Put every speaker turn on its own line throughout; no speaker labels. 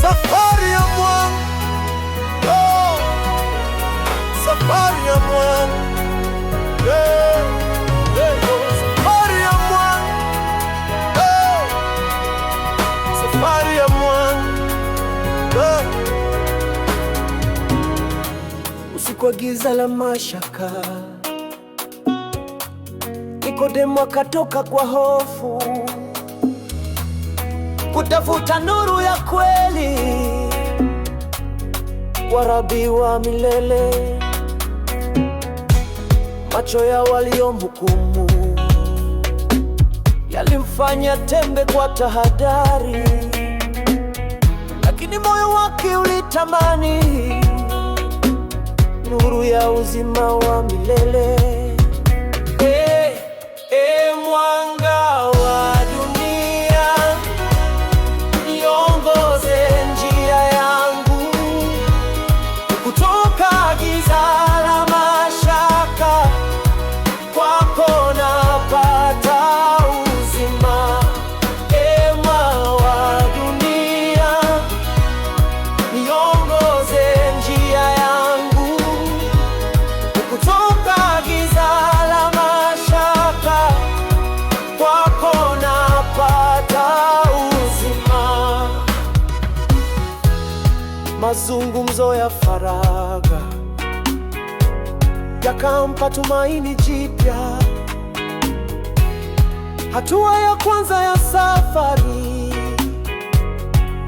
Safari ya mwangu oh, safari ya mwangu kwa oh. giza la mashaka, Nikodemo akatoka kwa hofu kutafuta nuru ya kweli, warabi wa milele, macho ya waliomhukumu yalimfanya tembe kwa tahadhari, lakini moyo wake ulitamani nuru ya uzima wa milele.
Hey, hey, mwanga
mazungumzo ya faraga yakampa tumaini jipya. Hatua ya kwanza ya safari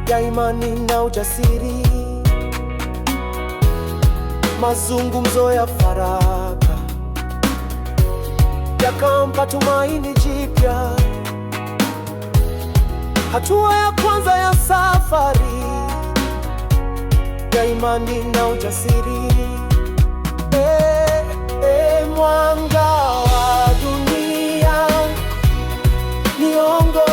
ya imani na ujasiri, mazungumzo ya faraga yakampa tumaini jipya. Hatua ya kwanza ya safari katika imani na ujasiri
eh, eh, mwanga wa dunia niongo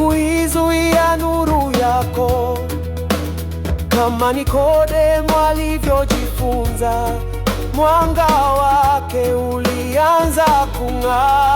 kuizuia nuru yako, kama Nikodemo alivyojifunza, mwanga wake ulianza kung'aa.